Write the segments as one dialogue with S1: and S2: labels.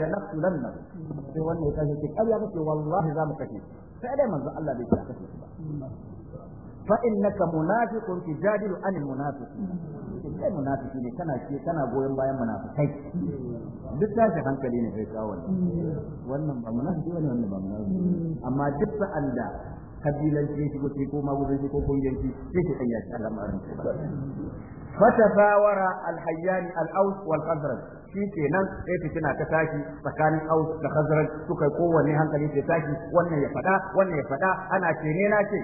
S1: la naqtulanna sai wannan ya kace ƙarya kace wallahi za mu kace sai dai manzo Allah bai ta kace ba fa innaka munafiqun tujadilu anil munafiqin kai munafiki ne kana ce kana goyon bayan munafikai duk da tashi hankali ne kai kawo wannan ba munafiki bane wannan ba munafiki amma duk sa'an da kabilanci shi ko ko magudanci ko kungiyanci sai shi kan ya ci al'amarin fatasawara al-hayyan al-aus wal khazraj shi kenan sai fitina ta tashi tsakanin aus da khazraj suka kowanne hankali ke tashi wannan ya fada wannan ya fada ana ce ne na ce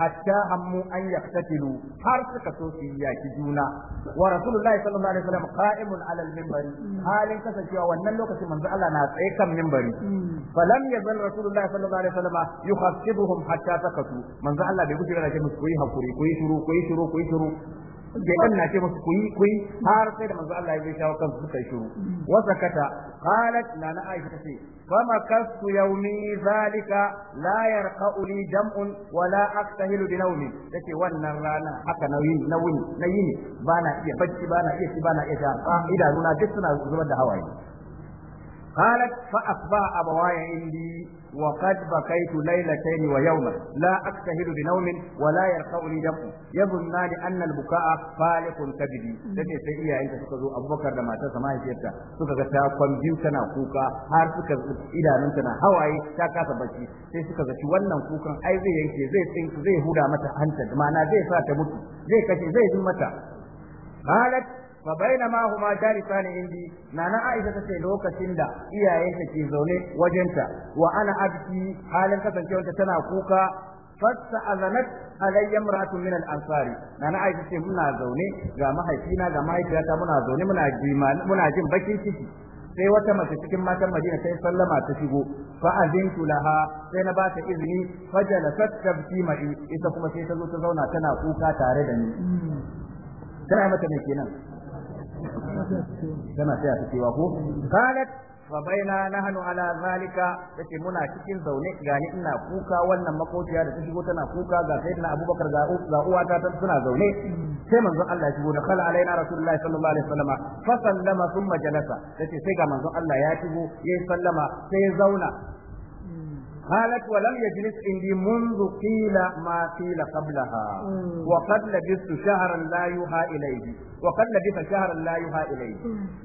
S1: hatta hammu an yaqtatilu har suka so su yaki juna wa rasulullahi sallallahu alaihi wasallam qa'imun ala al-minbari halin kasancewa wannan lokacin manzo Allah na tsaye kan minbari falam yazal rasulullahi sallallahu alaihi wasallam yukhaffiduhum hatta takatu manzo Allah bai gudu da ke musu koyi hakuri koyi shiru koyi shiru koyi shiru kan na ce musu kuyi kuyi har sai da manzo Allah ya zai shawo kansu suka shiru kata, halat na na aisha tace fama kasu yaumi, zalika la yarqa'u li jam'un wa la aktahilu bi nawmi tace wannan rana haka nauyin nauyin nayi bana na iya bacci bana iya ci idanu na iya ta duk suna zubar da hawaye قالت فأصبع أبواي عندي وقد بكيت ليلتين ويوما لا أكتهل بنوم ولا يرقعني دم يظن أن البكاء فالق كبدي تجي سيئة أنت سكزو أبو بكر لما تسمع سيئتا سكزا تاكم جيو تنا كوكا هار سكزا إلى نمتنا هواي تاكا سبكي sai suka zaci wannan أي ai zai yanke zai tsinku هدى متى أنت معنا ma'ana zai sa ta mutu zai kace قالت fa ma huma jalisan indi nana aisha tace lokacin da iyayenta ke zaune wajenta wa ana abki halin kasancewarta tana kuka fasta'azanat alayya imra'atun min al-ansari nana aisha ce muna zaune ga mahaifina ga mahaifiyata muna zaune muna muna jin bakin ciki sai wata mace cikin matan Madina sai sallama ta shigo fa azintu laha sai na bata izini fa jalasat tabki mai ita kuma sai ta zo ta zauna tana kuka tare da ni hmm. tana mata ne kenan tana saya ta cewa ko qalat fa baina nahnu ala zalika yace muna cikin zaune gani ina kuka wannan makociya da ta shigo tana kuka ga na abubakar ga ga uwata ta suna zaune sai manzon Allah ya shigo da kala alaina rasulullahi sallallahu alaihi wasallam fa sallama thumma jalasa yace sai ga manzon Allah ya shigo yi sallama sai ya zauna قالت ولم يجلس عندي منذ قيل ما قيل قبلها وقد لبثت شهرا لا يوحى إليه وقد لبث شهرا لا يوحى إليه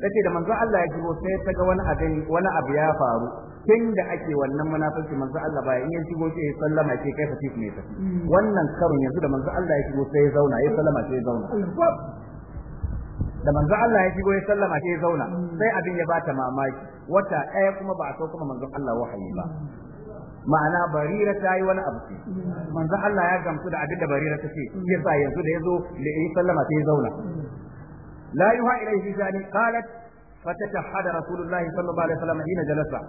S1: لكن da manzo Allah ya shigo sai ta wani abu ya faru tun da ake wannan munafiki manzo Allah ba in ya shigo sai ya sallama sai kai fatif ne ta wannan karon yanzu da manzo Allah ya sai ya zauna ya sallama sai ya zauna da manzo Allah ya shigo ya sallama sai ya zauna sai abin ya bata mamaki wata ɗaya kuma ba a so kuma manzo Allah wahayi ba ma'ana barira ta yi wani abu Manzo Allah ya gamsu da abin da barira ta ce yasa yanzu da yazo da yi sallama sai ya zauna la yuha ilaihi shani qalat fatatahada rasulullahi sallallahu alaihi wasallam hina jalasa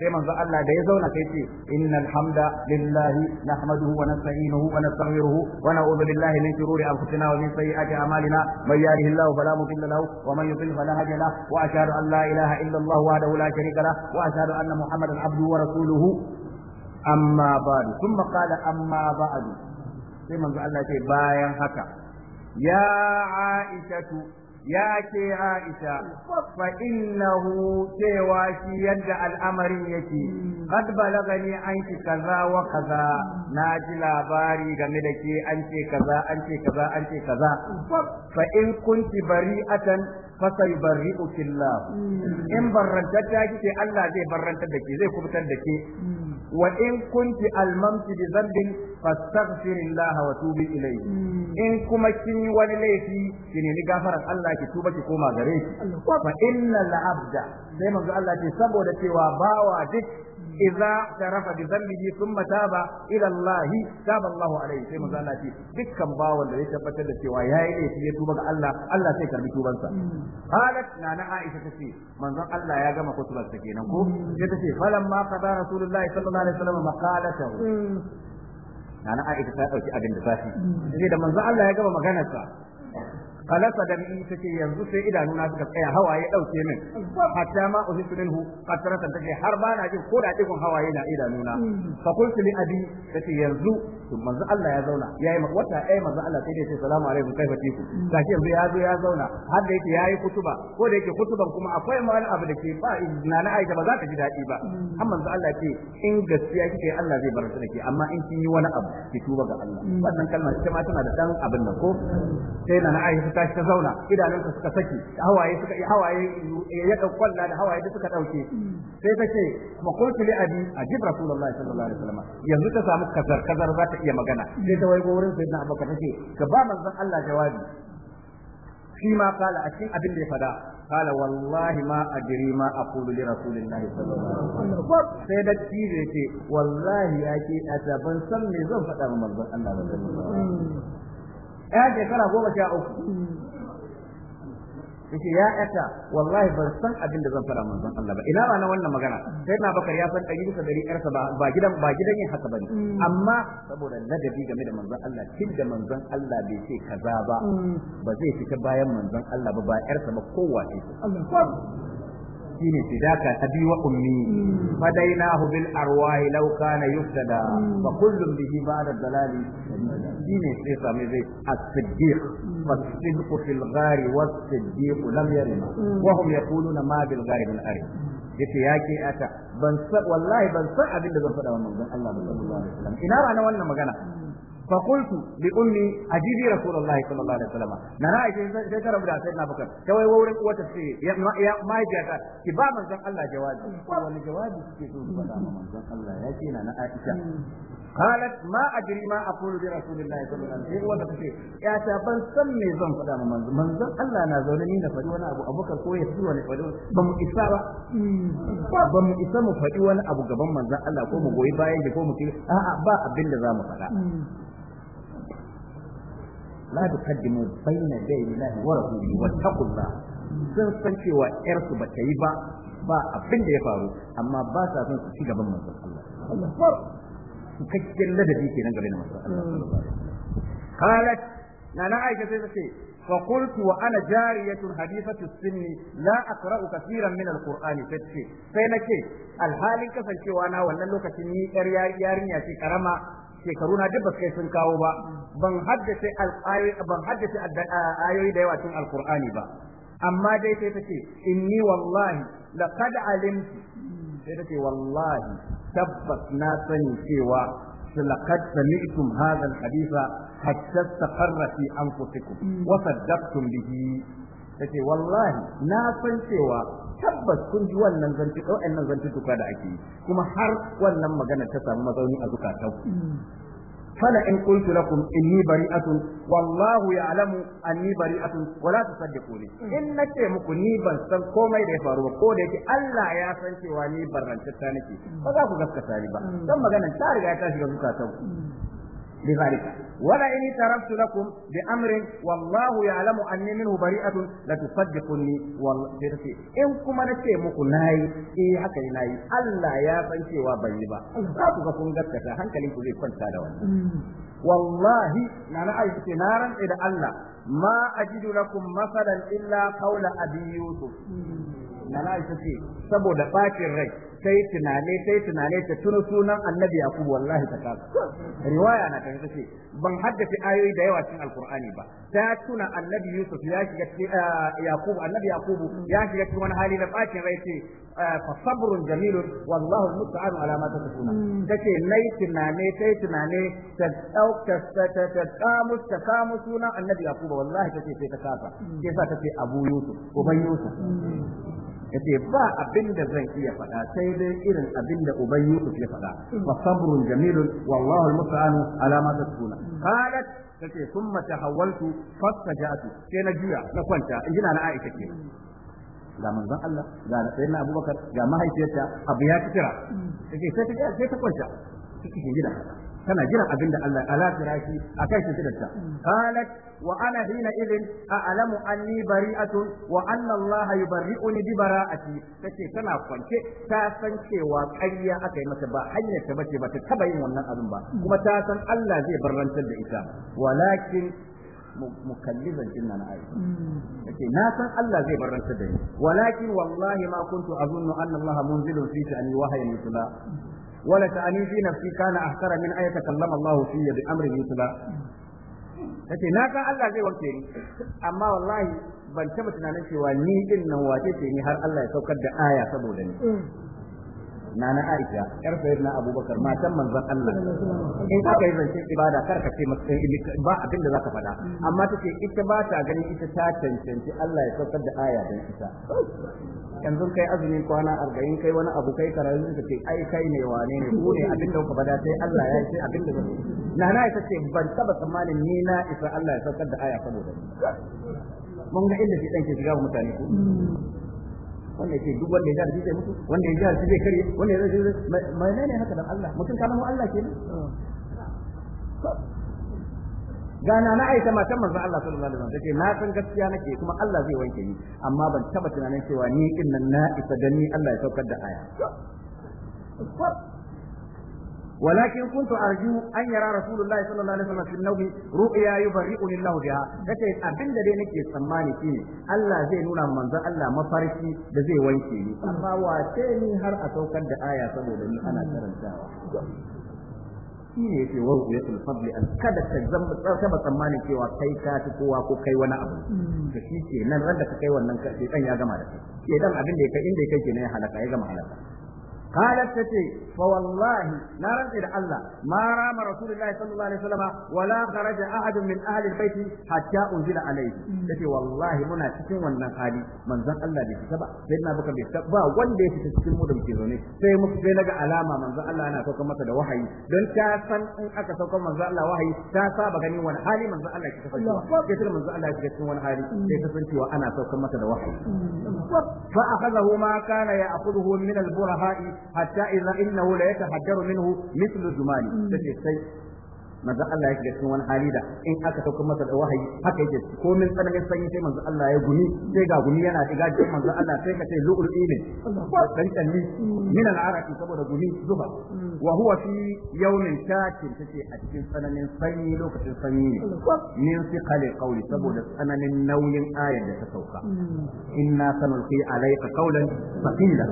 S1: sai manzo Allah da ya zauna sai ce innal hamda lillahi nahmaduhu wa nasta'inuhu wa nastaghfiruhu wa na'udhu billahi min shururi anfusina wa min sayyiati a'malina may yahdihillahu fala mudilla lahu wa man yudlil fala hadiya lahu wa ashhadu an la ilaha illa Allah wahdahu la sharika lahu wa ashhadu anna Muhammadan abduhu wa rasuluhu amma ba'du thumma qala amma ba'du sai manzo Allah ce bayan haka ya tu. ya ke Aisha fa innahu cewa shi yadda al'amarin yake kad balagani ki kaza wa kaza na ji labari game da ke an ce kaza an ce kaza an ce kaza fa in kunti bari'atan fasai bari ukillah in barrantatta kike Allah zai barranta da ke zai kubutar da ke wa in kunti almamti bi zambin fastaghfirillah wa tubi laifi, hmm. in kuma kin yi wani laifi ki nemi gafaran Allah ki tuba ki koma gare shi fa innal abda sai manzo Allah ce saboda cewa bawa duk idza tarafa bi dhanbihi ba, taba ila Allah taba alaihi sai manzo Allah ce dukkan bawan da ya tabbatar da cewa yayi laifi ya tuba ga Allah Allah sai karbi tubansa hmm. qalat nana Aisha tace manzon Allah ya gama kutubar sa kenan ko hmm. sai tace falamma qada rasulullahi sallallahu alaihi wasallam maqalatahu nana ita ta dauki abin da zafi sai da manzo Allah ya gaba maganarsa qalasa dami take yanzu sai idanu na suka tsaya hawaye dauke min hatta ma uhitu minhu qatratan take har ba na jin ko da digon hawaye na idanu na mm. fa qultu li abi take yanzu manzo Allah ya zauna yayi wata ai manzo Allah sai dai sai salamu alaikum kaifa tiku mm. gashi yanzu ya zo ya zauna har da yake yayi kutuba ko da yake kutuban kuma akwai wani abu da ke ba na na aisha ba za ta ji daɗi ba mm. har manzo Allah ce in gaskiya kike Allah zai bar ki amma in kin yi wani abu ki tuba ga Allah wannan kalma ita ma tana da dan abin nan ko sai na na aisha tashi ta zauna idanunka suka saki hawaye suka yi hawaye ya kwalla da hawaye suka dauke sai ta ce makultu li abi ajib rasulullahi sallallahu alaihi wasallam yanzu ta samu kazar kazar za ta iya magana sai ta waigo wurin sayyidina abubakar ce ka ba manzon Allah jawabi shi ma kala a cikin abin da ya fada قال والله ما أدري ما أقول لرسول الله صلى الله عليه وسلم سيدة تيجي والله يا كي أتبن سمي زنفة من الله صلى الله عليه وسلم ya shekara goma sha uku yace ya ata wallahi ban san abin da zan fara manzon Allah ba ina na wannan magana sai na bakar ya san dari bisa dari yarsa ba ba gidan ba gidan yin haka bane mm. amma saboda ladabi game da manzon Allah kin da manzon Allah bai ce kaza ba mm. ba zai fita bayan manzon Allah ba ba yarsa ba kowa shine fidaka abi wa ummi hmm. fadainahu bil arwahi law kana yuftada hmm. fa kullum bihi ba'da dalali shine sai sami zai as-siddiq فالصدق في الغار والصديق لم يرم yace ya ke ban san wallahi ban san abin da zan faɗa wa manzon Allah sallallahu alaihi wasallam ina ba wannan magana hmm. فقلت لأمي أجيبي رسول الله صلى الله عليه وسلم نانا عايشة شكرا بدا سيدنا بكر كوي وورك وتفسي يا ما يا ما كبا من زق الله جواد ولا جواد كيسون فلا من زق الله يجينا نانا عايشة قالت ما أدري ما أقول برسول الله صلى الله عليه وسلم وتفسي يا تابن سمي زن فلا من زق من زق الله نازلني نفدي وانا أبو أبو بكر كوي يسوي وانا فدي بم إسارة بم أبو جبان من زق الله كوم جوي باين كوم كي آه با أبين لزام la tuqaddimu bayna yaday Allahi wa sun san cewa yarsu ba ta yi ba ba abin da ya faru amma ba sa son su ci gaban manzon Allah Allah su kakkiyar ladabi kenan gare manzon Allah sallallahu na wasallam nana aisha sai ta ce فقلت وانا جارية حديثة السن لا اقرا كثيرا من القران فتشي sai nake alhalin kasancewa na wannan lokacin ni yarinya ce karama shekaru na duk kai sun kawo ba ban haddace ban haddace ayoyi da yawa cikin alqur'ani ba amma dai sai tace inni wallahi laqad alimtu sai tace wallahi tabbas na sani cewa لقد سمعتم هذا الحديث حتى استقر في أنفسكم وصدقتم به take wallahi na san cewa tabbas kun ji wannan zanci zanci duka da ake yi kuma har wannan magana ta samu mazauni a zukatan fala in qultu lakum inni bari'atun wallahu ya'lamu anni bari'atun wala tusaddiquni in nace muku ni ban san komai da ya faru ba ko da yake Allah ya san cewa ni barrantacce nake ba za ku gaskata ni ba dan magana ta riga ta shiga zukatan لذلك ولئن اعترفت لكم بأمر والله يعلم أني منه بريئة لتصدقني والله إن كما نتي مكو ناي إيه حكا ناي ألا يا فانتي وبيبا ذاك كون غتكا هنكلين كوزي كنتا دا والله أنا عايز نارا إلى الله ما أجد لكم مثلا إلا قول أبي يوسف أنا عايز saboda bacin rai sai tunane sai tunane ta tuna sunan annabi Yakubu wallahi ta kaza riwaya na ta ce ban haddace ayoyi da yawa cikin alqur'ani ba ta tuna annabi yusuf ya shiga cikin eh, yaqub annabi yaqub ya shiga cikin wani hali na bacin rai ce eh, fa sabrun jamilun wallahu musta'an ala ma tasifuna hmm. tace nai tunane sai tunane ta dauka ta ta kamu ta kamu sunan annabi Yakubu. wallahi tace sai ta kaza hmm. sai sa tace abu yusuf uban yusuf hmm. yace ba abin da zan iya faɗa sai dai irin abin da uban Yusuf ya faɗa wa sabrun jamilun wallahu almusta'anu ala ma tasbuna
S2: qalat tace
S1: thumma tahawwaltu fasajatu sai na juya na kwanta injina na Aisha ke ga manzon Allah ga sayyidina Abubakar ga mahaifiyarta abu ya kitira tace sai ta sai ta kwanta cikin gida tana jiran abin da Allah ala firashi akan shi tidarta qalat wa ana hina a a'lamu anni bari'atun wa anna Allah yubarri'uni bi bara'ati ce tana kwance ta san cewa ƙarya aka yi mata ba hanyar ta bace ba ta taba yin wannan abin ba kuma ta san Allah zai barrantar da ita walakin mukallizan inna na ayi yace na san Allah zai barrantar da ni walakin wallahi ma kuntu azunnu anna Allah munzilun fi sha'ani wahayin mutla wala ta'ani fi nafsi kana ahsara min ayata kallama Allah fi bi amri yutla kace na san Allah zai wanke ni amma wallahi ban taba tunanin cewa ni din nan wace ce ni har Allah ya saukar da aya saboda ni na Aisha yar sayyidina Abubakar matan manzon Allah in ka kai zance ibada kar ka ce masa eh, ba abin da zaka faɗa amma take ita ba ta ganin ita ta cancanci Allah ya saukar da aya don ita yanzu kai azumin kwana arba'in kai wani abu kai karatu ka ce ai kai ne wane ne ku ne abin da ka bada sai Allah ya ce abin da na Aisha ce ban taba tsammanin ni na isa Allah ya saukar da aya saboda mun ga inda shi dan ke shiga mutane ko wanda yake duk wanda ya jahilci zai mutu wanda ya jahilci zai kare wanda ya zai mai ne haka da Allah mutum kana mu Allah kenan gana na aisha matan manzo Allah sallallahu alaihi wasallam ce na san gaskiya nake kuma Allah zai wanke ni amma ban taba tunanin cewa ni din na isa ni Allah ya saukar da aya walakin كنت ارجو an yara رسول الله صلى الله عليه وسلم في النوم رؤيا biha kace abinda dai nake tsammani shine Allah zai nuna manzo Allah mafarki da zai wanke ni amma wace ni har a saukar da aya saboda ni ana karantawa shi yake wa ru'yatul fadli an kada ka zamba taba tsammanin cewa kai ka ci kowa ko kai wani abu Da shi ke nan ran da ka kai wannan kai dan ya gama da kai abin da ya kai inda ya kai halaka ya gama halaka قالت تتي فوالله نار إلى الله ما رام رسول الله صلى الله عليه وسلم ولا خرج أحد من أهل البيت حتى أنزل عليه تتي والله منا تكون wannan hali manzon Allah bai fita ba sai na baka bai ba wanda ya fita cikin mu da muke zaune sai muka sai naga alama manzon Allah yana saukar masa da wahayi don ta san in aka saukar manzon Allah wahayi ta saba gani wani hali manzon Allah ke tafi sai ta manzon Allah ya cikin wani hali sai ta san cewa ana saukar masa da wahayi fa akhadahu ma kana ya'khudhu min al hatta idza innahu la yatahaddaru minhu mithlu zumani take sai manzo Allah ya yake cikin wani hali da in aka sauka masa da wahayi haka yake ko min tsananin sanyi sai manzo Allah ya gumi sai ga gumi yana diga cikin manzo Allah sai ka ce zu'ul ilmi dan Ni min al-araqi saboda gumi zuba wa huwa fi yawmin shakin take a cikin tsananin sanyi lokacin sanyi ne min fi qali qawli saboda tsananin nauyin ayar da ta sauka inna sanulqi alayka qawlan thaqila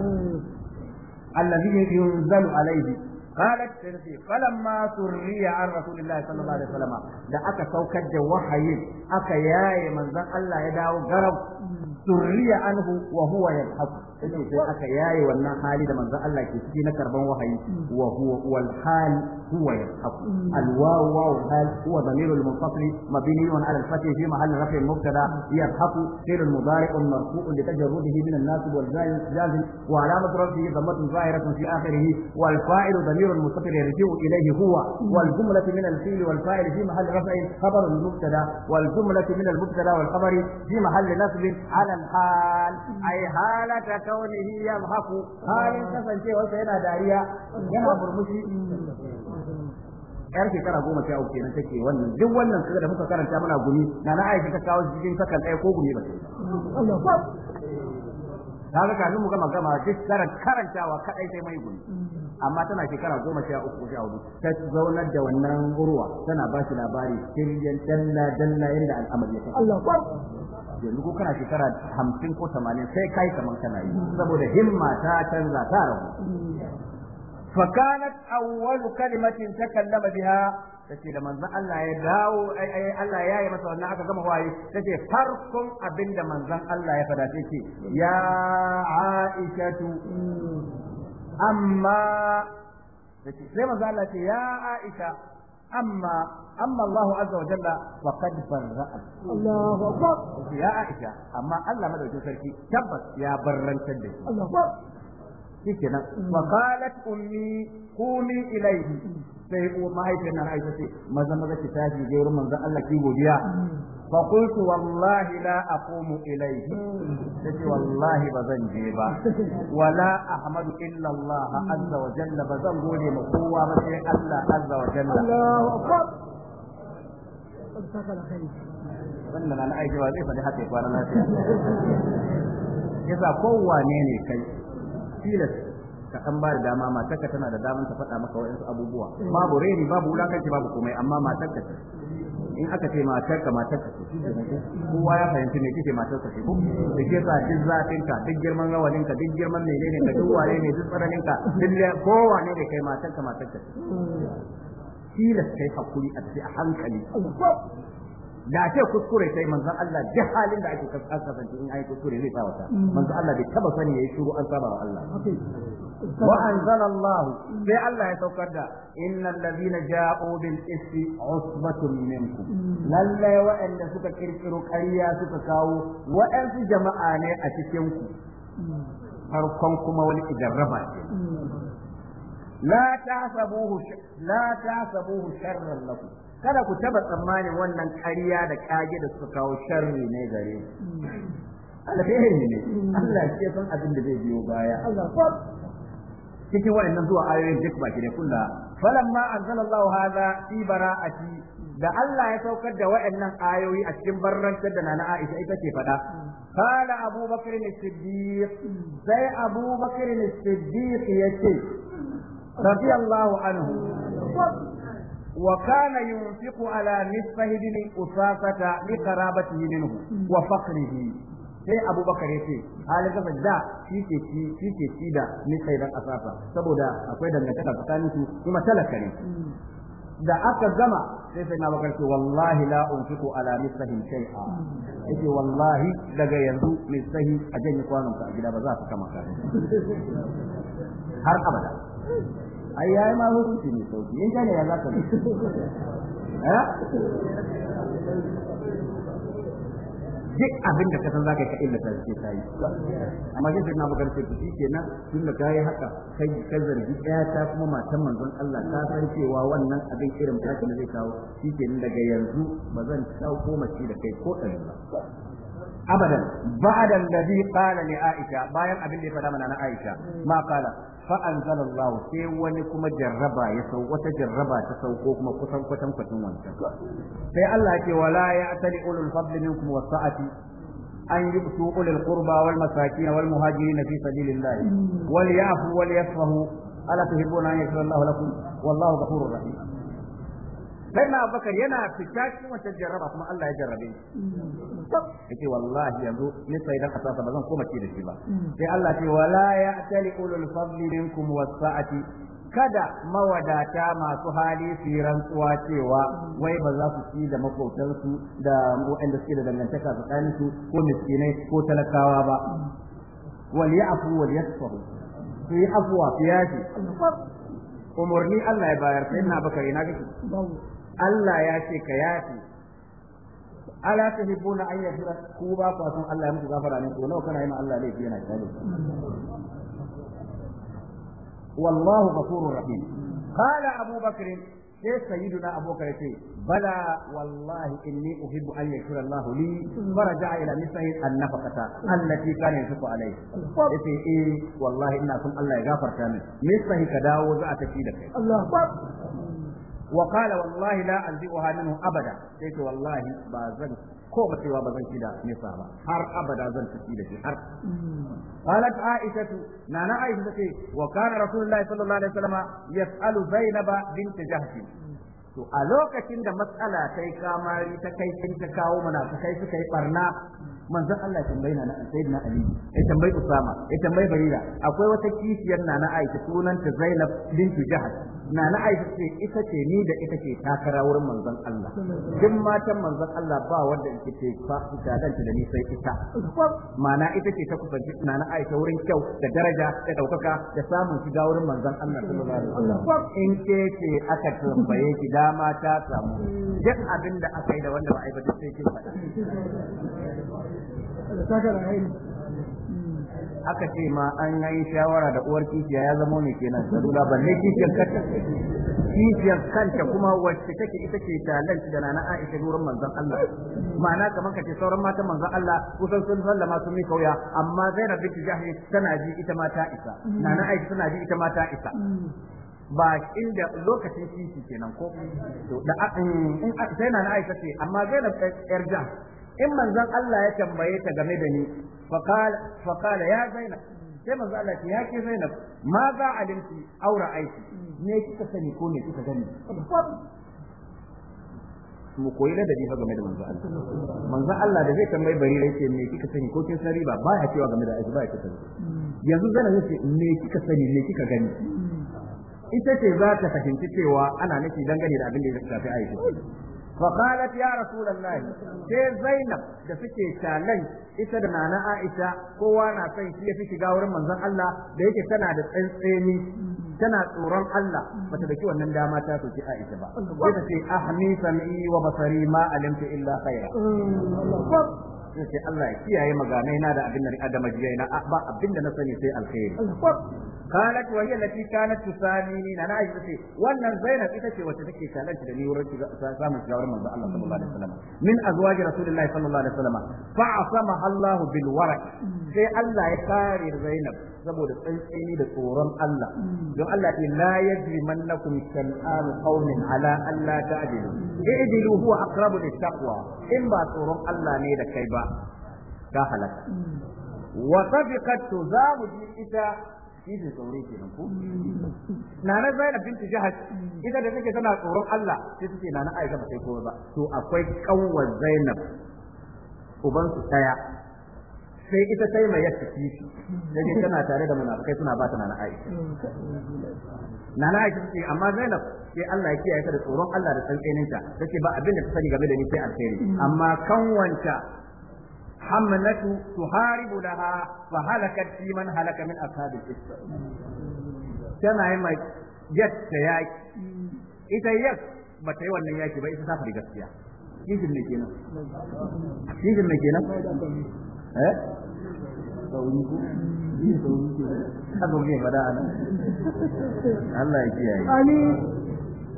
S1: الذي ينزل عليه قالت تنسي فلما سري عن رسول الله صلى الله عليه وسلم da aka saukar da wahayin aka yaye manzon Allah ya dawo garab surriya anhu wa huwa yabhath sai sai aka yayi wannan hali da manzon Allah ke ciki na karban wahayi wa huwa wal hal huwa yabhath al waw waw hal huwa damiru al munfasil mabniun ala al fath fi mahall raf'i al mubtada yabhath fi'l al mudari' al marfu' li tajarrudihi min al nasib wal jazm wa alamat raf'ihi dhammatun zahiratun fi akhirih wal fa'il damiru al mustatir yarji'u ilayhi huwa wal jumlatu min al fi'l wal fa'il fi mahall raf'i khabar al mubtada wal jumlatu min al mubtada wal khabari fi mahall nasb ala Ai, hala ta حالة كونه يضحك حال كسن شيء Yana dariya yana burmushi yar shekara goma sha uku kenan take wannan duk wannan kaga da muka karanta muna gumi na na aiki ta kawo cikin sakan ɗaya ko gumi ba ta ga kafin mu gama gama duk karantawa kadai sai mai gumi amma tana shekara goma sha uku sha hudu ta zaunar da wannan ruwa tana ba shi labari sirriyan dalla dalla yadda al'amari ya Allah yanzu ko kana shekara hamsin ko tamanin sai kai kamar kana yi saboda himma ta canza ta rabu فكانت أول كلمة تكلم بها tace da manzon Allah ya dawo Allah ya yi masa wannan aka gama waye tace farkon abin da manzon Allah ya fada ce ya Aishatu amma sai manzon Allah ce ya Aisha أما أما الله عز وجل فقد برأت الله أكبر يا عائشة أما الله مدعو تركي تبت يا برن تدك الله أكبر shikenan wa mm. qalat ummi qumi ilayhi sai ko mahaifin nan Aisha ce maza maza ki tashi je wurin manzon Allah ki godiya mm. fa qultu wallahi la aqumu ilayhi sai mm. wallahi bazan je ba wala ahmadu illa Allah azza wa jalla bazan gode ma kowa ba sai Allah azza wa jalla Allahu akbar wannan na Aisha ba zai faɗi haka kwana lafiya yasa kowane ne kai tilas ka dan ba da dama matarka tana da damar ta faɗa maka waɗansu abubuwa babu reni babu wulakanci babu komai amma matarka ce in aka ce matarka matarka ce kowa ya fahimci me kike matarka ce ko da ke sa duk zafin ka duk girman rawanin ka duk girman menene ka duk ware ne duk tsaranin ka duk kowa ne da kai matarka matarka ce tilas kai hakuri a hankali da ce kuskure sai manzon Allah duk halin da ake kasance in ai kuskure zai tsawata mm. manzon Allah bai taba sani yayi shuru an saba wa Allah wa anzala sai Allah ya saukar da innal ladina ja'u bil ismi usbatun minkum mm. lalle wa'anda suka kirkiro kariya suka kawo wa'ansu jama'a ne a cikin ku mm. farkon kuma wani ijarraba ce la tahsabuhu la tahsabuhu sharran lakum kada ku taba tsammanin wannan kariya da kage da suka kawo sharri ne gare
S2: alheri ne Allah
S1: ya san abin da zai biyo baya Cikin wa'in nan zuwa ayoyin duk baki da kullu falamma anzalallahu hadha fi bara'ati da Allah ya saukar da wa'in nan ayoyi a cikin barrantar da nana Aisha ita ce faɗa. qala Abu Bakr as-Siddiq sai Abu Bakr as-Siddiq yace radiyallahu anhu وكان ينفق على نصفه بن أساسة لقرابته منه وفقره sai abu bakar ya ce halin kasar da shi ke ci shi ke ci da nisai dan asasa saboda akwai dangantaka tsakanin su kuma talaka ne da aka gama sai sai na bakar ce wallahi la unfiqu ala misahi shay'a yake wallahi daga yanzu misahi a janye kwanon ka a gida ba za ka kama ka har abada ai yayi ma hukunci ne sauki in kai ne ya zaka ne duk abin da kasan zaka ka illa ta ce kai amma sai sai na bukar ce ku kenan tun da kai haka kai ka zargi ɗaya ta kuma matan manzon Allah ta san cewa wannan abin irin fata da zai kawo nan daga yanzu ba zan dauko mace da kai ko ɗari ba abadan ba'da alladhi qala li aisha bayan abin da ya faɗa mana na aisha ma qala فأنزل الله في ونكم جربا يسو وتجربا تسوقوك ما كتن كتن كتن وانتن في الله ولا يأتل أولو الفضل منكم والسعة أن يؤتوا أولي القربى والمساكين والمهاجرين في سبيل الله وليعفوا وليصفحوا ألا تحبون أن يغفر الله لكم والله غفور رحيم sai na bakar yana fita cikin jaraba jarraba kuma Allah ya jarrabe shi wallahi yanzu ni sai dan asasa ba zan koma ci da shi ba sai Allah ce wala ya'tali ulul fadli minkum was kada mawadata masu hali su yi rantsuwa cewa wai ba za su ci da makotansu da waɗanda suke da dangantaka tsakaninsu ko ko talakawa ba yi umarni Allah ya bayar sai na bakare ina gashi Allah ya ce ka yafi ala tuhibbuna an yaghfira ku ba ku san Allah ya muku gafara ne ko nawa kana yi ma Allah laifi yana kyale wallahu ghafurur rahim qala abubakar sai sayyiduna abubakar ce bala wallahi inni uhibbu an yaghfira Allah li faraja ila misahi an-nafaqata allati kana yusufu alai yace eh wallahi ina son Allah ya gafarta min misahi ka dawo za a tafi da kai وقال والله لا أنزئها منه أبدا قلت والله بازن كوبا سوى بازن كده نصابا هر أبدا زن تسيدة هر قالت عائشة نانا عائشة وكان رسول الله صلى الله عليه وسلم يسأل زينب بنت جهش to a lokacin da matsala ta yi kamari ta kai kin ta kawo munafikai suka yi barna manzon Allah tambayi na sayyidina Ali ya tambayi Usama ya tambayi Barira akwai wata kishiyar nana Aisha sunanta Zainab bintu Jahsh nana Aisha ce ita ce ni da ita ce takara wurin manzon Allah duk matan manzon Allah ba wanda yake ce fa ita dan da ni sai ita ma'ana ita ce ta kusanci nana Aisha wurin kyau da daraja da daukaka da samun shiga wurin manzon Allah sallallahu alaihi wasallam in ce ce aka tambaye ki dama ta samu duk abin da aka yi da wanda ba a ba sai ke faɗa aka ce ma an yi shawara da uwar kishiya ya zama ne kenan salula balle kishiyar kanta kishiyar kanta kuma wacce take ita ce talent da nana Aisha gurin manzon Allah ma'ana kamar ce sauran matan manzon Allah kusan sun sallama sun yi kauya, amma Zainab binti Jahsh tana ji ita ma ta isa nana Aisha tana ji ita ma ta isa ba inda lokacin kishi kenan ko to da in sai nana Aisha ce amma Zainab yar Jahsh in manzon Allah ya tambaye ta game da ni faqala faqala ya zainab sai manzon Allah ya ke zainab ma za alimti aw ra'aiti me kika sani ko me kika gani mu koyi da dabi game da manzon Allah manzon Allah da zai tambayi bari ne ce me kika sani ko kin san riba ba ya cewa game da aiki ba ya sani yanzu zana ce me kika sani me kika gani ita ce za ta fahimci cewa ana nake dangane da abin da ya shafi aiki فقالت يا رسول الله sai Zainab da suke challenge ita da nana Aisha kowa na son shi ya fi shiga wurin manzon Allah da yake tana da tsantseni tana tsoron Allah bata da wannan dama ta soki Aisha ba sai ta ce ahmi sam'i wa basari ma alimtu illa khaira mm. sai Allah ya kiyaye maganai na da abin da adama jiyai na ba abin da na sani sai alkhairi qalat wa hiya allati kanat tusamini na aisha ce wannan zainab ita ce wacce take challenge da ni wurin shiga samu shawar manzo Allah sallallahu alaihi wasallam min azwaji rasulillahi sallallahu alaihi wasallam fa asama Allah bil wara sai Allah ya kare zainab saboda tsantsini da tsoron Allah don Allah ce la yajrimannakum shan'an qaumin ala alla ta'dilu i'dilu huwa aqrabu lit-taqwa in ba tsoron Allah ne da kai ba ka halaka wa sabiqat tuzamu ita shi ne tsaure ke nan ko nana zainab binti jahaj ita da take tana tsoron Allah sai take nana aisha ba sai kowa ba to akwai kawwar zainab uban su tsaya. sai ita sai
S2: mai yadda shi sai dai
S1: tana tare da munafikai suna ba ta nana aisha nana aiki ce amma zainab sai Allah ya kiyaye ta da tsoron Allah da tsantseninta take ba abin da ta sani game da ni sai alheri amma kanwanta hamnatu tuharibu laha fa halakat fi man halaka min ashabi isra tana yi mai yadda yaki ita yak ba ta yi wannan yaki ba ita ta fari gaskiya kishin ne kenan kishin ne kenan eh ke anan Allah ya kiyaye amin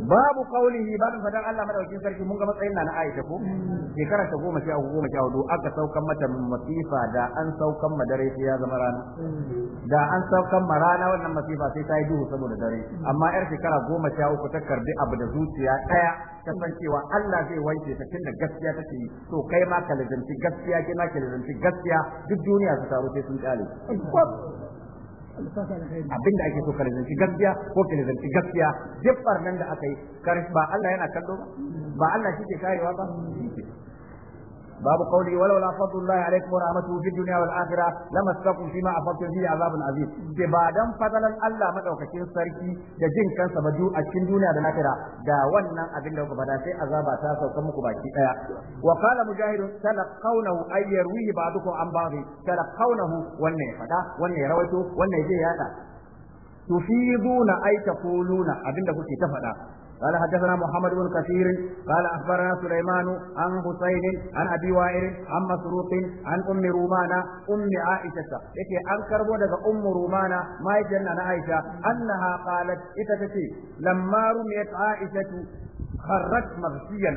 S1: babu qaulihi babu fadan Allah madaukin sarki mun ga matsayin na Aisha ko shekara ta goma sha goma sha hudu aka saukan mata masifa da an saukan madare sai ya zama rana da an saukan marana wannan masifa sai ta yi duhu saboda dare amma yar shekara goma sha uku ta karbi abu da zuciya daya ta san cewa Allah zai wanke ta tunda gaskiya take yi to kai ma ka gaskiya ke ma gaskiya duk duniya su taro sai sun kyale abinda ake so karizanci gaskiya ko karizanci gaskiya jibbar nan da aka yi ba Allah yana kallo ba ba Allah shi ke karewa ba باب قوله ولولا فضل الله عليكم ورحمته في الدنيا والاخره لمسكم فيما افضتم فيه عذاب عظيم da ba dan fadalan Allah maɗaukacin sarki da jin kansa ba a cikin duniya da lahira da wannan abin da kuka bada sai azaba ta sauka muku baki daya wa qala mujahid talaqawnahu ay ba ba'dukum an ba'd talaqawnahu wannan ya fada wannan ya rawaito wannan ya yada tufiduna ay taquluna abinda kuke ta fada قال حدثنا محمد بن كثير قال اخبرنا سليمان عن حسين عن ابي وائل عن مسروق عن ام رومانه ام عائشه يتي na Aisha, daga ام رومانه ما يجنن عائشه انها قالت اتتتي لما رميت عائشه kharrat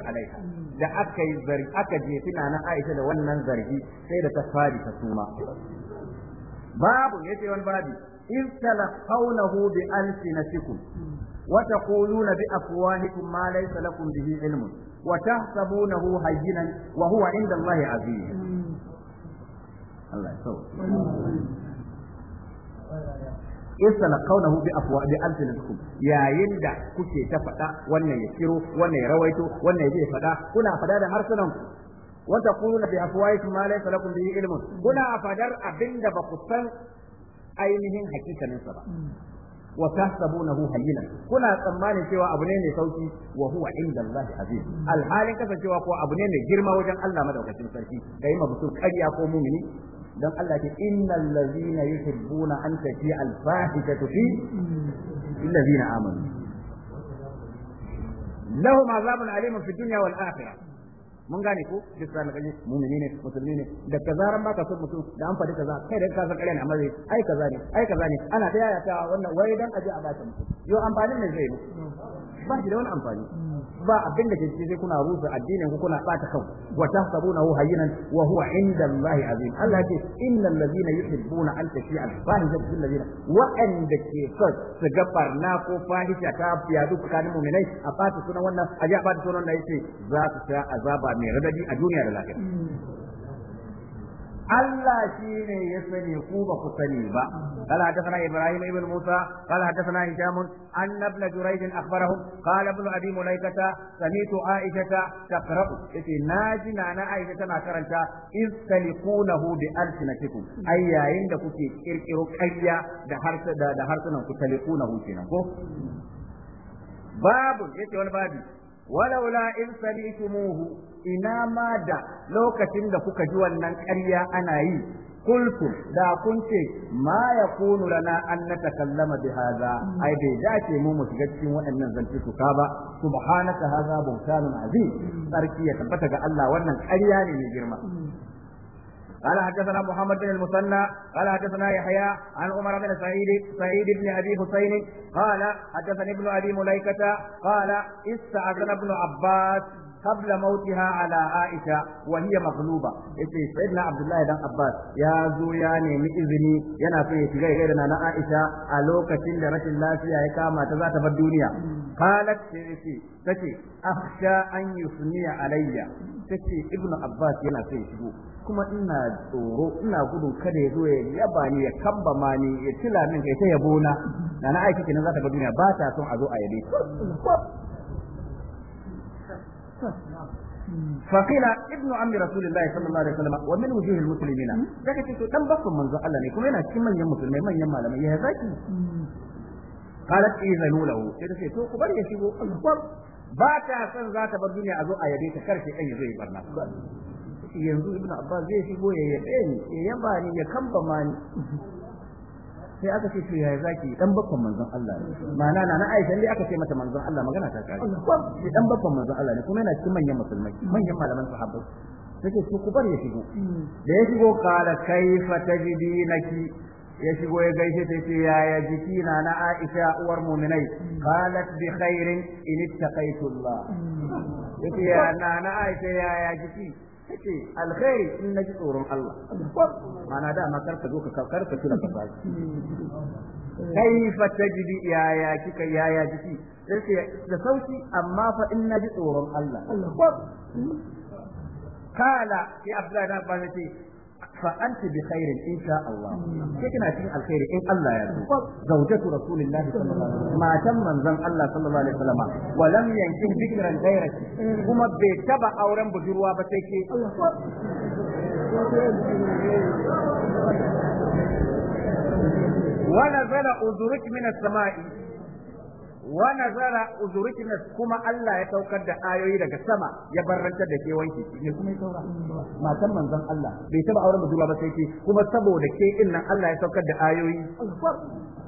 S1: alaiha da aka yi zari aka je Aisha da wannan zargi sai da ta fari ta suma babu yace wani babu in talaqawnahu bi alsinatikum وتقولون بأفواهكم ما ليس لكم به علم وتحسبونه هينا وهو عند الله عزيز الله يسوي isala kaunahu bi afwa bi alsinatikum yayin da kuke ta faɗa wannan ya kiro wannan ya rawaito wannan ya je faɗa kuna faɗa da harsunan ku wa taquluna bi afwaikum ma laysa lakum bihi ilmun kuna fadar abinda ba ku san ainihin hakikanin sa ba wa tahsabunahu hayyinan kuna tsammanin cewa abu ne mai sauki wa huwa inda Allah aziz alhalin kasancewa ko abu ne mai girma wajen Allah madaukakin sarki kai ma mutum ƙarya ko mumini dan Allah ke innal ladzina yuhibbuna an tafi al fahishatu fi ladzina amanu lahum azabun alimun fid dunya wal akhirah mun gane ko duk sai kaje mu'mini ne musulmi ne da kazaran ba ka so mutum da an faɗi kaza kai da ka san ƙarya ne amma zai ai kaza ne ai kaza ne ana ta yaya ta wannan wai dan aje a ba ta mutum yo amfani ne zai ba shi da wani amfani ba abin da kike sai kuna rusa addinin ku kuna bata kan wa tahsabunahu hayyinan wa huwa inda Allah azim Allah ce innal ladina yuhibbuna an tashi al fahisha fil ladina wa anda ke son su ga barna ko fahisha ta yadu tsakanin mu'minai a fata sunan wannan a ja fata sunan wannan yace za su sha azaba mai radadi a duniya da lafiya hmm. Allah shi ne ya sani ku ba ku sani ba قال حدثنا kala بن موسى قال حدثنا هشام ان ابن جريج اخبرهم قال ابن ابي مليكه سمعت عائشه تقرا في ناجي نانا عائشه تنا كرنتا اذ تلقونه بالسنتكم اي yayin da kuke kirkiro ƙarya da da harsunan ku taliqunahu kenan ko babu yace wani babu walaula in sami'tumuhu ina ma da lokacin da kuka ji wannan ƙarya ana yi kultum da kun ce ma ya kunu lana an na takallama bi haza ai bai dace mu mu shiga cikin waɗannan zance zantuka ba subhanaka haza buhtanun azim sarki ya tabbata ga Allah wannan ƙarya ne mai girma قال حدثنا محمد بن المثنى قال حدثنا يحيى عن عمر بن سعيد سعيد بن ابي حسين قال حدثني ابن ابي مليكه قال استعذن ابن عباس qabla mautiha ala aisha wa hiya maghluba yace sayyidina abdullahi dan abbas ya zo ya nemi izini yana so ya shiga da na aisha a lokacin da rashin lafiya ya kama ta za ta bar duniya qalat sai tace akhsha an yusniya alayya tace ibnu abbas yana so ya shigo kuma ina tsoro ina gudu kada ya zo ya yaba ni ya kambama ni ya tila min kai ta yabo na na na za ta bar duniya ba ta son a zo a yabe فقيل ibnu عم رسول الله صلى الله عليه وسلم ومن وجوه المسلمين ذاك تيتو دان بكم منزو الله ne kuma yana cikin manyan musulmai manyan malamai ya zaki qalat izanu lahu sai ta ce to ku bari ya shigo akbar ba ta san za ta bar duniya a zo a yabe ta karshe kan yazo ya barna yanzu ibn abbas zai shigo ya yabe ni ya yaba ni ya kamba ni sai aka ce to yaya zaki dan bakon manzon Allah ne ma'ana na na Aisha dai aka ce mata manzon Allah magana ta kare shi dan bakon manzon Allah ne kuma yana cikin manyan musulmai manyan malaman sahabbai sai su ku bar ya shigo hmm. da ya shigo kala kaifa tajidinaki ya shigo ya gaishe ta ce yaya jiki na na Aisha uwar mu'minai hmm. qalat bi khairin in ittaqaytullah hmm. yace ya na na Aisha yaya jiki yace alkhairi in naji tsoron Allah mana da ma karka zo ka karka tuna ka kai fa tajidi yaya kika yaya jiki sai da sauki amma fa in naji tsoron Allah kala ya abdullahi ba ce fa anti bi khairin in sha Allah ke kina cikin alkhairi in Allah ya so zawjatu rasulillahi sallallahu alaihi wasallam matan manzon Allah sallallahu alaihi wasallam wa lam yankin bikran ghairaki kuma bai taba auren budurwa ba sai ke ونزل أزرك من السماء wa nazara uzurikinat kuma Allah ya saukar da ayoyi daga sama ya barrantar da ke wanki ne kuma ya saura matan manzon Allah bai taba auren budurwa ba sai ke kuma saboda ke din nan Allah ya saukar da ayoyi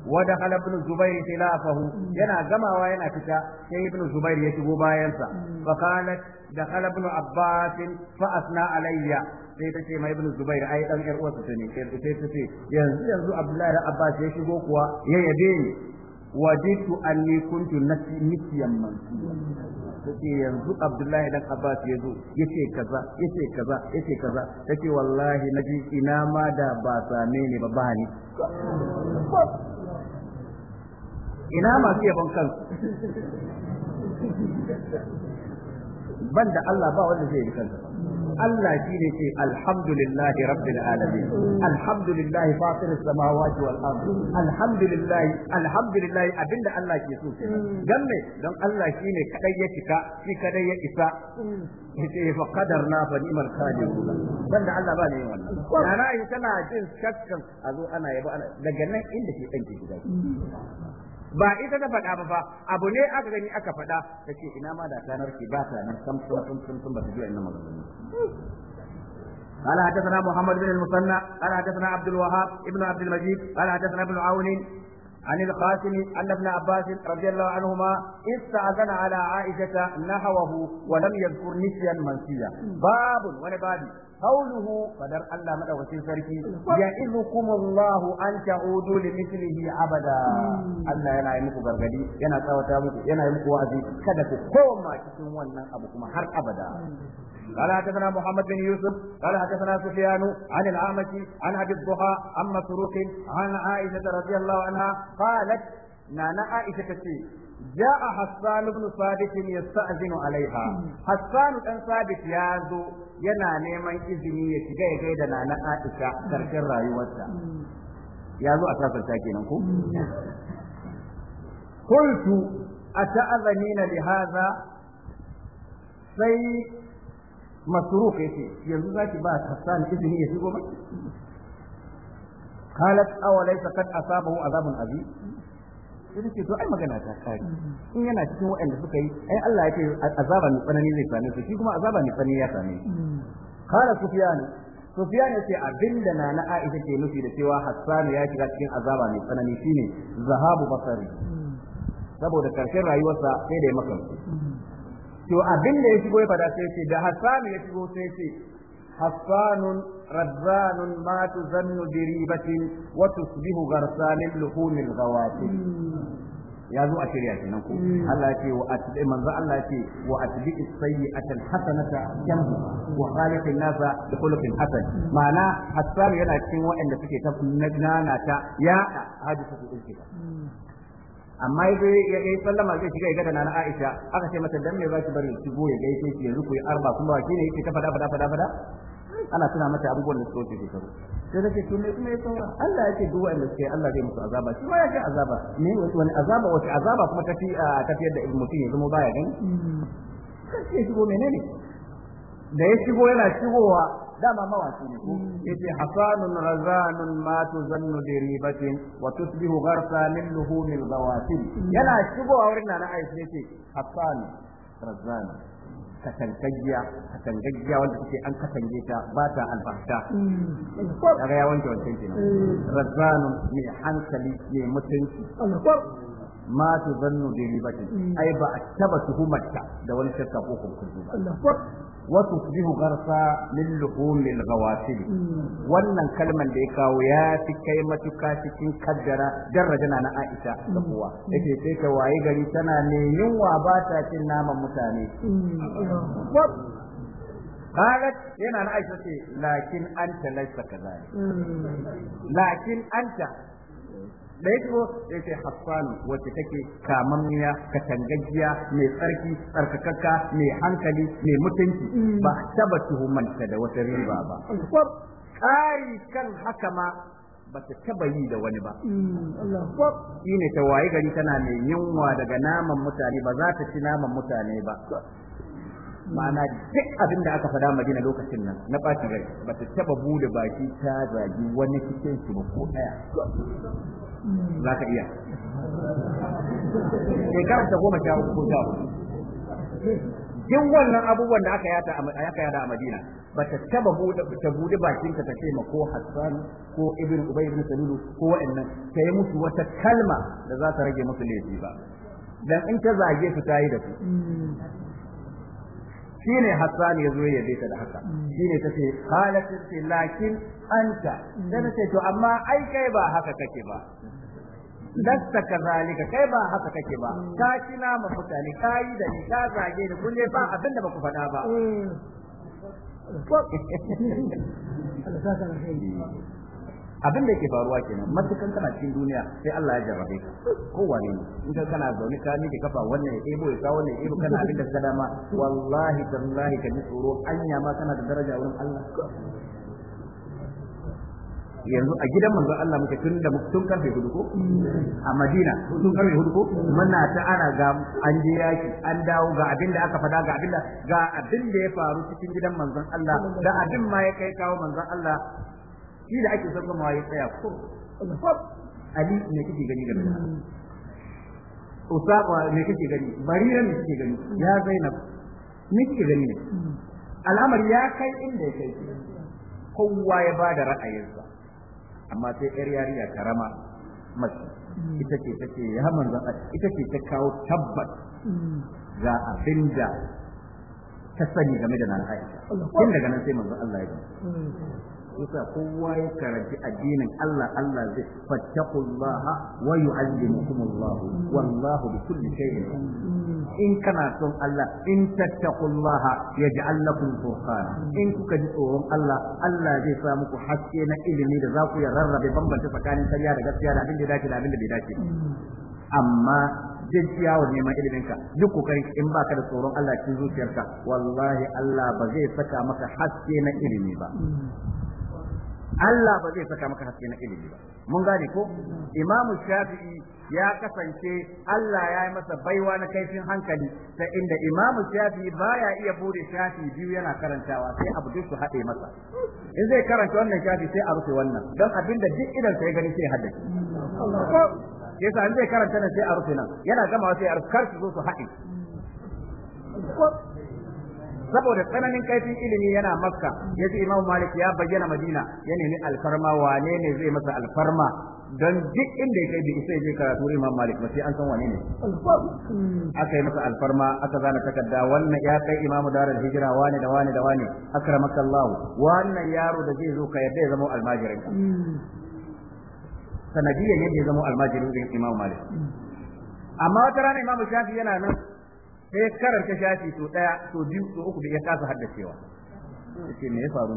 S1: wa da hala ibn zubair khilafahu yana gamawa yana fita sai ibn zubair ya shigo bayansa fa qalat da hala ibn abbas fa asna alayya sai ta ce mai ibn zubair ai dan yar uwarsa ne sai ta yanzu yanzu abdullahi abbas ya shigo kuwa ya yabe ni wajidtu anni kuntu nasiyan mansiya tace yanzu Abdullahi dan Abbas ya zo yace kaza yace kaza yace kaza yace wallahi naji ina ma da ba same ni ba bani ina ma yabon ban ban da Allah ba wanda zai yi kansa Allah ne ce alhamdulillahi rabbil alamin alhamdulillahi fatir samawati wal ard alhamdulillahi alhamdulillahi abinda Allah ke so dan me dan Allah ne kadai ya cika shi kadai ya isa yace fa qadarna fa ni'mal qadiruna dan da Allah ba ne wannan yana yi tana jin shakkan a zo ana yabo ana daga nan inda ke danki gida ba ita ta faɗa ba fa abu ne aka gani aka faɗa ta ce ina ma da tanar ki ba ta nan sam sam sam sam ba ta ji wannan maganganu قال حدثنا محمد بن المثنى قال حدثنا عبد الوهاب ابن عبد المجيد قال حدثنا ابن عون عن القاسم أن ابن عباس رضي الله عنهما استأذن على عائشة نحوه ولم يذكر نسيا منسيا باب ولباب قوله فدر الله مدوكين سركي يعظكم الله أن تعودوا لمثله أبدا الله yana yi muku gargadi yana tsawata muku yana yi muku wa'azi kada ku koma cikin wannan abu kuma har abada قال حدثنا محمد بن يوسف قال حدثنا سفيان عن الأعمش عن أبي الضحى عن مسروق عن عائشة رضي الله عنها قالت نانا عائشة تسير Ja جاء حسان بن ثابت يستأذن عليها حسان بن ya يازو yana neman izini ya shiga ya gaida na na Aisha karshen rayuwarsa ya zo a sasanta kenan ko qultu ata'azanina li hadha sai masruf yace yanzu zaki ba Hassan izini ya shigo ba qalat aw laysa qad asabahu azabun azim sai ce to ai magana ta kare in yana cikin waɗanda suka yi ai Allah ya ce azaba ne tsanani zai same shi kuma azaba ne tsanani ya same shi qala sufyan sufyan abinda na na Aisha ke nufi da cewa Hassan ya shiga cikin azaba mai tsanani shine zahabu basari saboda karshen rayuwarsa sai da ya makamci to abinda ya shigo ya fada sai ce da Hassan ya shigo sai ce Hassanun رضان ما تظن بريبة وتصبح غرسان اللحوم الغوافل ya zo a shirya kenan ko Allah ce wa atbi manzo Allah ce wa atbi as-sayyi'ata al-hasanata wa khaliqin nasa bi khuluqin hasan ma'ana hasan yana cikin waɗanda suke ta nana ta ya hadisatu al-kitab amma yazo ya kai sallama zai shiga ga nana Aisha aka ce mata dan me zaki bari ki goye gaishe ki yanzu ku yi arba kuma ba shine yake ta fada fada fada fada ana tuna mata abubuwan da suka wuce shekaru sai nake to me kuma ya saura Allah yake duk wanda suke Allah zai musu azaba shi ma yake azaba me wani azaba wace azaba kuma fi yadda da mutum ya zama baya gani kace shigo menene da ya shigo yana shigowa dama mawaki ne ko yace hasanun razanun ma tuzannu bi ribatin wa tusbihu gharsa min luhumil bawatin yana shigowa wurin nan aisha yace hasanun razanun katangaggiya katangaggiya wanda take an katange ta ba ta alfahta daga ya wanke wancan kenan eh. razzanun mai hankali mai mutunci ma tu zannu bi ribati hmm. ai ba a taba tuhumarta da wani shakka ko kunkuru ba وتصبح غرسا للحوم الغواسل wannan kalman da ya kawo ya fi kai matuka cikin kaddara darajana na Aisha da kowa yake sai ta waye gari tana ne wa ba ta cin naman mutane قالت yana na Aisha ce lakin anta laysa kadhalik hmm. lakin anta ɗaya ko shigo ya ce hassanu wacce take kamammiya katangaggiya mai tsarki tsarkakakka mai hankali mai mutunci mm. ba taba tuhumanta da wata riba ba ƙari kan haka ma ba ta taba yi da wani ba. Mm, shi ne ta waye gari tana mai yunwa daga naman mutane ba za ta ci naman mutane ba. ma'ana duk abin da aka faɗa madina lokacin nan na ɓaci gari ba ta taba bude baki ta zagi wani cikin su ba ko ɗaya
S2: za ka iya shekarar ta goma sha ko sha
S1: duk wannan abubuwan da aka yada aka yada a Madina ba ta taba ta bude bakin ta ce ma ko Hassan ko Ibn Ubay ibn Salul ko wa'annan ta yi musu wata kalma da za ta rage musu laifi ba dan in ta zage su tayi da su shine Hassan ya zo ya ta da haka shine tace ce, lakin anta dan ce to amma ai kai ba haka kake ba lasta zalika kai ba haka kake ba mm. ka kina ma mutane ka yi da ni ka zage ni kun ba abin da baku faɗa ba mm. abin da yake faruwa kenan matukan kana cikin duniya sai Allah ya jarrabe ka kowane ne in ka kana zaune ka miki kafa wannan ya ebo ya kawo wannan ya ebo kana abin da ka dama wallahi tallahi ka ji tsoro anya ma kana da daraja wurin Allah yanzu a gidan manzo Allah muke tun da tun karfe hudu ko a Madina tun karfe hudu ko muna ta ana ga an je yaki an dawo ga abin da aka fada ga abin da ga abin da ya faru cikin gidan manzon Allah da abin ma ya kai kawo manzon Allah shi da ake son ma ya tsaya ko Ali ne kike gani game da Usaba ne kike gani Barira ne kike gani ya Zainab ne kike gani ne hmm. al'amari ya kai inda ya kai kowa ya bada ra'ayinsa amma sai yar yariya karama mace ita ce take ya manzon ita ce ta kawo tabbat ga abin da ta sani game da nan Aisha tun daga nan sai manzon Allah ya yasa kowa ya karanci addinin Allah Allah zai fattaqullaha wa yu'allimukumullah wallahu bi kulli shay'in in kana son Allah in tattaqullaha yaj'al lakum furqana in kuka ji tsoron Allah Allah zai sa muku haske na ilimi da za ku ya rarrabe bambanta tsakanin karya da gaskiya da abin da dace da abin da bai dace amma duk yawon neman ilimin ka duk kokari in baka da tsoron Allah cikin zuciyarka wallahi Allah ba zai saka maka haske na ilimi ba Allah ba zai saka maka haske na ilimi ba mun gane ko imamu shafi'i ya kasance Allah ya yi masa baiwa na kaifin hankali ta inda imamu shafi'i baya iya bude shafi biyu yana karantawa sai abu duk su haɗe masa in zai karanta wannan shafi sai a rufe wannan don abin da duk idan sai gani sai ke sa in zai karanta nan sai a rufe nan yana gama sai a kar su zo su haɗe saboda tsananin kaifin ilimi yana makka ya ce imamu malik ya bayyana madina ya nemi alfarma wane ne zai masa alfarma don duk inda ya kai bi sai je karatu imam malik ba sai an san wane ne aka yi masa alfarma aka zana takarda wannan ya kai imamu darar hijira wane da wane da wane allah wannan yaro da zai zo ka yadda ya zama almajirin Sanadiyya yadda ya zama almajirin imam malik amma wata rana imamu shafi yana nan sai karanta shafi to daya to biyu to uku da ya kasa haddacewa yace me ya faru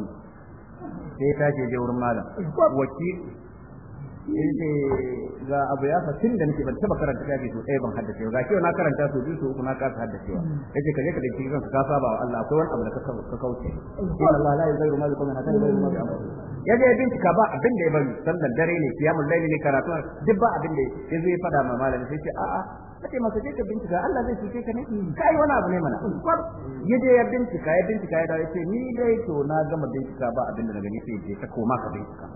S1: ne sai ta ce je wurin malam Wakil, yace ga abu ya fa tun da nake ban taba karanta shafi to daya ban haddacewa ba kiyo na karanta to biyu to uku na kasa haddacewa yace kaje ka dinki kanka ka saba wa Allah akwai wani abu da ka ka kauce inna Allah la yughayyiru ma biqawmin hatta yughayyiru ma bi anfusihim yaje ya bincika ba abin da ya bari sallan dare ne kiyamul laili ne karatu duk ba abin da yazo ya fada ma malami sai ce a'a kace masa ce ka bincika Allah zai cuce ka ne kai wani abu ne mana ya je ya bincika ya bincika ya dawo ce ni dai to na gama bincika ba abin da na gani sai je ka koma ka bincika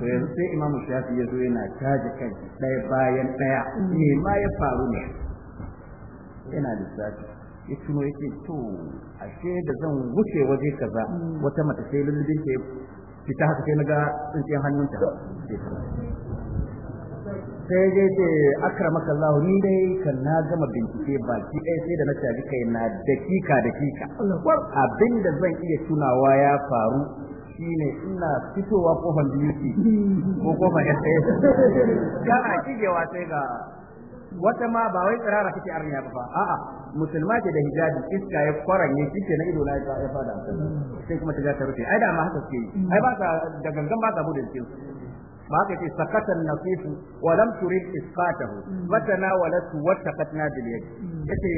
S1: to yanzu sai imamu shafi ya zo yana caji kai ɗaya bayan ɗaya me ma ya faru ne yana lissafi ya tuno ce to ashe da zan wuce waje kaza wata mata sai lullubin ke fita haka sai na ga tsintsiyar hannunta sai dai ce akramaka Allah ni dai kan na gama bincike baki ɗaya sai da na tafi kai na dakika dakika abinda zan iya tunawa ya faru shine ina fitowa kofar BUC ko kofar SAS kana kigewa sai ga wata ma ba wai tsirara kake arniya ba a'a musulma ce da hijabi iska ya kwaranye kike na ido na ya fada sai kuma ta ga ta rufe ai da ma haka suke yi ai ba ta da gangan ba ta bude cikin ba haka ce sakatan nasifu wa lam turid isqatahu batana mm. walatu wattaqatna bil yad mm. yace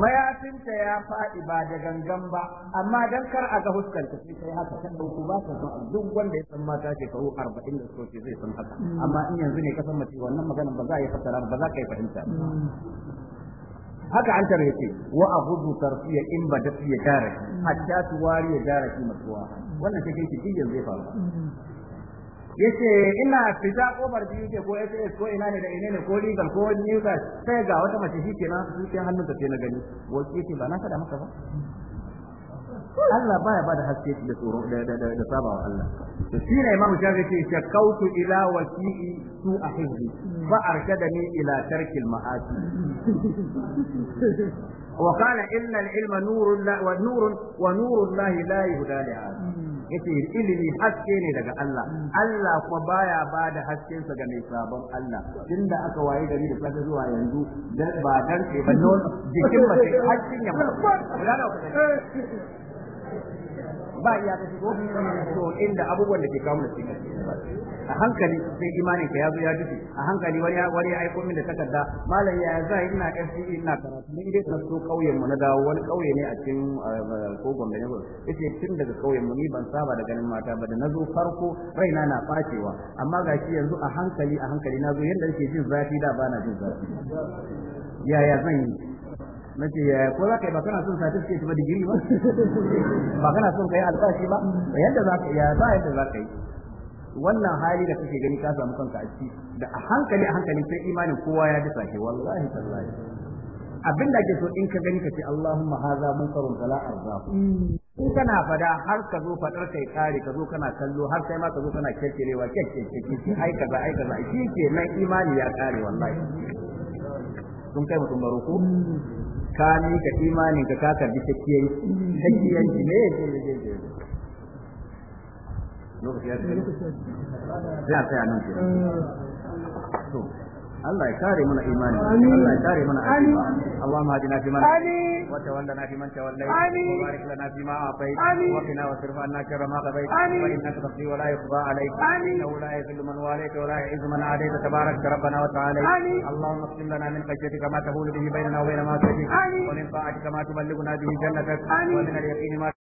S1: mayafin ta ya fadi ba da gangan ba amma dan kar a ga huskar ta sai kai haka ta dauko ba ta duk wanda ya san mata ce kawo 40 da soke zai san haka mm. amma in yanzu ne ka san mace wannan maganar ba za a yi fassara ba za ka yi fahimta haka an tare yake wa aghudhu tarfiya in badat ya daraki hatta tuwari ya daraki masuwa wannan take ki yanzu ya faru yace ina fita kofar biyu ce ko SS ko ina ne da ina ne ko legal ko new gas sai ga wata mace shi kenan su cikin hannun ta sai na gani wace ba na faɗa maka ba Allah baya bada haske da tsoro da da da, da sabawa Allah to shi ne Imam Shafi ce kautu ila wasi'i su a ba fa arshadani ila tarkil ma'asi وقال إن العلم نور لا ونور ونور الله لا يهدى لهذا yace ilimi haske ne daga Allah Allah kuma baya ba da hasken sa ga mai sabon Allah tunda aka waye gari da safe zuwa yanzu ba dan sai ba non jikin ba sai hakkin ya ba ya ta shigo inda abubuwan da ke kawo da a hankali sai imanin ka ya zo ya dufe a hankali wani wani ya aiko min da takarda malam ya zai ina FCE ina karatu ni dai so kauyen mu na dawo wani kauye ne a cikin eh, ko gombe ne yace tun daga kauyen mu ni ban saba da ganin mata ba da nazo farko raina na facewa amma gashi yanzu a hankali a hankali nazo yanda nake jin zafi da bana jin zafi yaya zan yi Mace ya ko za ka yi ba kana son certificate ba digiri ba ba kana son ka yi albashi ba yadda za ka yi za yadda za ka yi wannan hali da kake gani ka samu kanka a ciki da a hankali a hankali sai imanin kowa ya ji sake wallahi tallahi abin da ake so in ka gani ka ce Allahumma haza munkarun fala arzahu in kana fada har ka zo fadar kai kare ka zo kana kallo har sai ma ka zo kana kekkerewa kekkeke ai kaza ai kaza shi ke nan imani ya kare wallahi kun kai mutum baro ka ni ka imanin ka ka karbi kakkiyanci kakkiyanci ne Allah ya kare mana imani Allah ya kare mana addini Allahumma hadina fi man wa tawallana fi man tawallay wa barik lana fi ma atayt wa qina wa sirf anna sharra ma qadayt wa innaka taqdi wa la yuqda alayk innahu la yadhillu man walayt wa la yu'izzu man adayt tabarak rabbana wa ta'ala Allahumma qsim lana min khashyatika ma tahulu bihi baynana wa bayna ma ta'ti wa min ta'atika ma tuballighuna bihi jannatak wa min al-yaqini ma